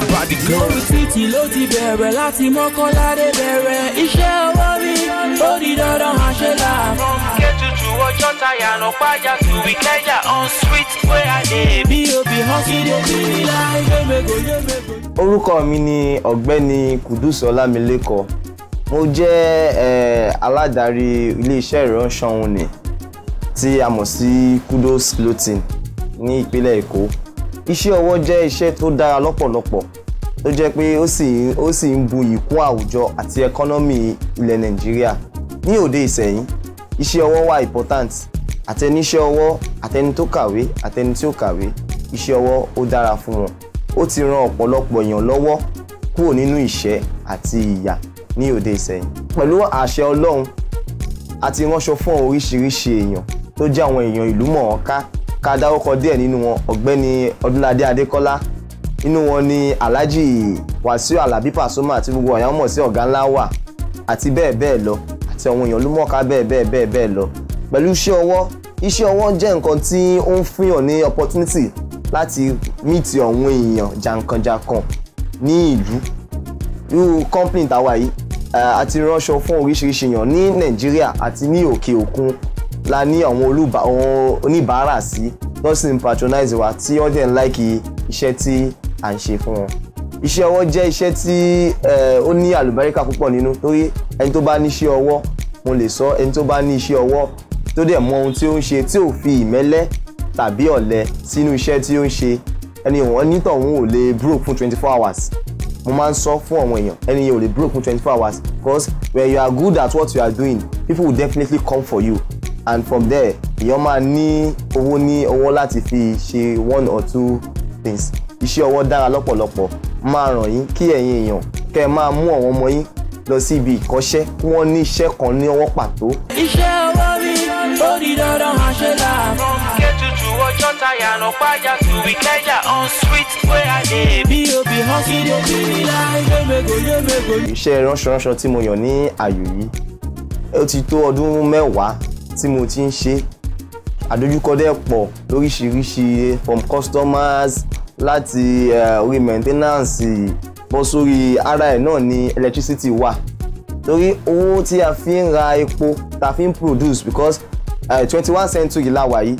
nobody go. Lórí títì ló ti bẹ̀rẹ̀ láti mọ́kànládé bẹ̀rẹ̀ iṣẹ́ owó rí ó di dandan àṣẹ là. Ronke tutù ọjọ́ táyà nà pàjá tù kẹ́jà on street wey I dey. Bí obì hàn sí de bí láì yémego yémego. Orúkọ mi ni ọ̀gbẹ́ni Kùdùsù Ọlámilékọ. Mo jẹ́ aládarí ilé-iṣẹ́ ìránṣọ́ òun ni tí a mọ̀ sí Kudos Clothing ní ìpínlẹ̀ Èkó iṣẹ́ ọwọ́ jẹ́ iṣẹ́ tó dára lọ́pọ̀lọpọ̀ tó jẹ́ pé ó sì ó sì ń buyì kún àwùjọ àti ẹkọ́nọ́mì ilẹ̀ nàìjíríà ní òde ìsẹ̀yìn iṣẹ́ ọwọ́ wà important àtẹniṣẹ́ ọwọ́ àtẹni tó kàwé àtẹni tí ó kàwé iṣẹ́ ọwọ́ ó dára fún wọn ó ti ran ọ̀pọ̀lọpọ̀ èèyàn lọ́wọ́ kúrò nínú ìṣẹ́ àti ìyà ní òde ìsẹ̀yìn pẹ̀lú àṣẹ ọlọ́run àti ránṣọ fún oríṣiríṣi èèyàn tó jẹ́ àwọn èèyàn ìlú mọ̀ọ́ká ká dárúkọ díẹ̀ nínú wọn ọ̀gbẹ́ni ọdúnládé adékọ́lá inú wọn ni alhaji wàsíù alábí pàṣọmọ àti gbogbo àyàn mọ̀ sí ọ̀gá ńlá wà àti bẹ́ẹ̀ bẹ́ẹ̀ lọ àti àwọn èèyàn ló mọ̀ọ́ká bẹ́ẹ̀ bẹ́ẹ̀ bẹ́ẹ̀ bẹ́ẹ̀ lọ pẹ̀lú iṣẹ́ ọwọ́ iṣẹ́ ọwọ́ jẹ́ nǹkan tí ó ń fihàn ní opportunity láti meet àwọn èèyàn jàǹkànjàǹkàn ní ìlú irú company tàwa yìí àti ránṣọ fún oríṣiríṣi èèyàn ní nàìjíríà àti ní òkè òkun la ní àwọn oníbàárà sí tó sì ń patronize wa tí wọ́n dẹ̀ ń láìkì iṣẹ́ tí à ń ṣe fún wọn. iṣẹ́ ọwọ́ jẹ́ iṣẹ́ tí eh, ó ní àlùbáríkà púpọ̀ nínú torí ẹni tó bá níṣẹ́ ọwọ́ mo lè sọ ẹni tó bá ní iṣẹ́ ọwọ́ tó dẹ̀ mọ ohun tí ó ń ṣe tí ò fi ìmẹ́lẹ́ tàbí ọ̀lẹ sínú iṣẹ́ tí ó ń ṣe ẹni wọ́n nítọ̀hún ò lè broke fún twenty four hours mo máa ń sọ fún àwọn èèyàn ẹni yẹn ò lè broke fún twenty four hours because when you are good at what you are doing people will definitely come for you and from there èèyàn máa ní owó ní ọwọ́ láti fi ṣe one or two things iṣẹ́ ọwọ́ dára lọ́pọ̀lọpọ̀ máa ràn yín kí ẹ̀yin èèyàn kẹ́ ẹ máa mú àwọn ọmọ yín lọ sí ibi ìkọ́ṣẹ́ kí wọ́n ní iṣẹ́ kan ní ọwọ́ pàtó. iṣẹ́ ọwọ́ mi ó di dandan máa ṣe là. kẹ́tùtù ọjọ́ táyà lọ pàjá tù wí kẹ́jà on sweet wey i dey. bí obì hàn sí lè bí mi láì lémego lémego. iṣẹ́ ránṣọ ránṣọ tí mo yàn ní àyò yìí ó ti tó ọdún mẹ́wàá tí mo ti ń ṣe àdójúkọ dẹ̀ lóríṣiríṣi from customers láti orí maintenance bọ́ sórí ara ẹ̀ náà ni electricity wà torí owó tí a fi ń ra epo ta fi ń produce because twenty one century la wà yìí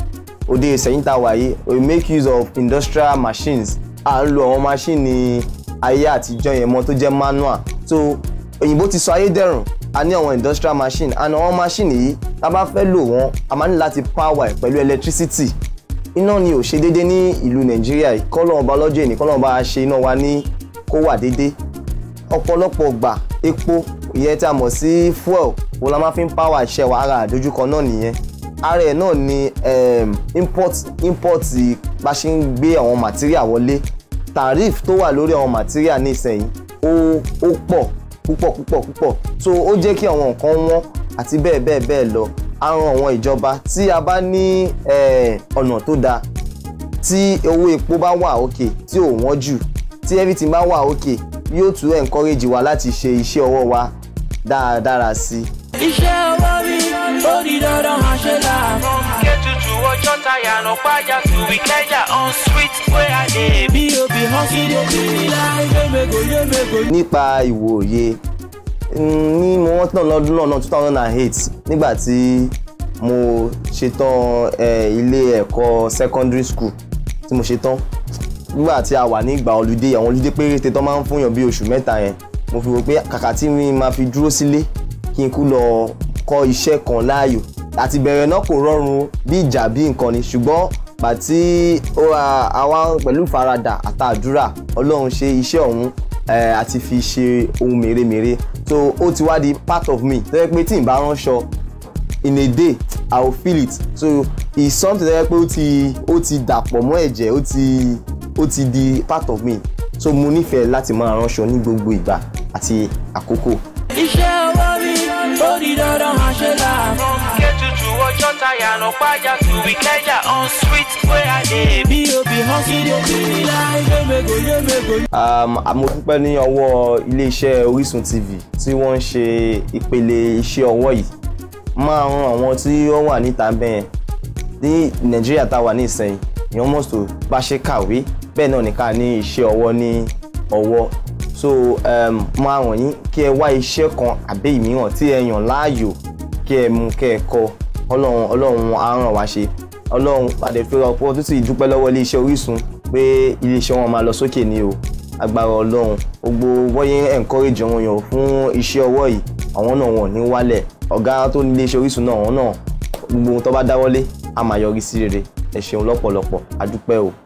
òde ìsẹ̀yìn ta wà yìí we make use of industrial machines à ń lo àwọn machine ayé àtijọ́ yẹn mọ́ tó jẹ́ manual so òyìnbó ti sọ ayé dẹ̀rùn a ní àwọn industrial machine and àwọn machine yìí tá a bá fẹ́ lò wọ́n a máa ní láti power ẹ̀ pẹ̀lú electricity iná ni ò ṣe déédé ní ìlú nàìjíríà ìkọlọ́wọ́n ọba lọ́jọ́ ìní kọ́lọ́wọ́n bá ṣe iná wa ní kó wà déédé ọ̀pọ̀lọpọ̀ gbà epo ìyẹn tí a mọ̀ sí fuel wo la máa fi ń power iṣẹ́ wa ara àdójúkọ náà nìyẹn ara ẹ̀ náà ni ehm, import import bá ṣe ń gbé àwọn material wọlé tariff tó wà lórí àwọn material nísìnyí ó pọ̀ púpọ̀ púpọ̀ púpọ̀ so ó jẹ́ kí àwọn nǹkan wọ́n àti bẹ́ẹ̀ bẹ́ẹ̀ bẹ́ẹ̀ lọ a ran àwọn ìjọba tí a bá ní ọ̀nà tó dáa tí owó epo bá wà òkè tí ò wọ́n jù tí everything bá wà òkè yóò tún encourage wa láti ṣe iṣẹ́ ọwọ́ wa dáradára sí i. iṣẹ́ ọwọ́ mi ó di dandan máa ṣe là. kẹ́tùtù ọjọ́ táyà lọ páyà tù wí kẹ́yà on street wey i dey. bí o bí husky dey bí mi láì yémego yémego. nípa ìwòye ní mo rántí náà lọ́dún lọ́nà two thousand and eight nígbà tí mo ṣetán ilé ẹ̀kọ́ secondary school tí mo ṣetán nígbà tí a wà ní ìgbà ọlùdé àwọn ọlùdé péréte tó máa ń fún yàn bí oṣù mẹ́ta yẹn mo fi wò pé kàkà tí mi máa fi dúró sílé kí n kú lọ kọ́ iṣẹ́ kan láàyò àti bẹ̀rẹ̀ náà kò rọrùn bí ìjà bí nǹkan ni ṣùgbọ́n pàtí àwa pẹ̀lú ìfaradà àtàdúrà ọlọ́run ṣe iṣẹ́ ọ̀hún àti fi ṣe ohun mèremère so ó ti wá di part of me tó yẹ pé tí n bá ránṣọ in a day i will feel it so it's something tó yẹ pé ó ti ó ti dàpọ̀ mọ́ ẹ̀jẹ̀ ó ti ó ti di part of me so mo nífẹ̀ẹ́ láti máa ránṣọ ní gbogbo ìgbà àti àkókò. iṣẹ́ ọwọ́ ó di dandan àṣẹlá. kẹ́ tutù ọjọ́ táyà lọ pàjá tùwí kẹjà on sweet wey i dey. bí òbí hàn sí lè bí ilá yémego yémego. mo dúpẹ́ ní ọwọ́ iléeṣẹ́ Orísun TV tí wọ́n ń ṣe ìpele iṣẹ́ ọwọ́ yìí máa ran àwọn tí ó wà níta bẹ́ẹ̀ ní Nàìjíríà tá a wà ní ìsẹ̀yìn ìyẹn mọ̀sọ̀ bá ṣe kàwé bẹ́ẹ̀ náà ní ká ní iṣẹ́ ọwọ́ ní ọwọ́ so um, mo á ràn yín kí ẹ wá iṣẹ́ kan àbí ìmíràn tí ẹ yàn láàyò kí ẹ mú kẹ́ ẹ kọ́ ọlọ́run ọlọ́run á ràn wá ṣe ọlọ́run pàdé fúnra ọ̀pọ̀ tó sì dúpẹ́ lọ́wọ́ iléeṣẹ́ Orísun pé iléeṣẹ́ wọn máa lọ sókè ni o agbára ọlọ́run gbogbo wọ́yẹ́ encourage àwọn èèyàn fún iṣẹ́ ọwọ́ yìí àwọn náà wọn ò ní wálẹ̀ ọ̀gá tó ní iléeṣẹ́ Orísun náà àwọn náà gbogbo ohun tó bá dáwọ́lé a máa yọrí sí rere ẹ lọ́pọ̀lọpọ̀ a o.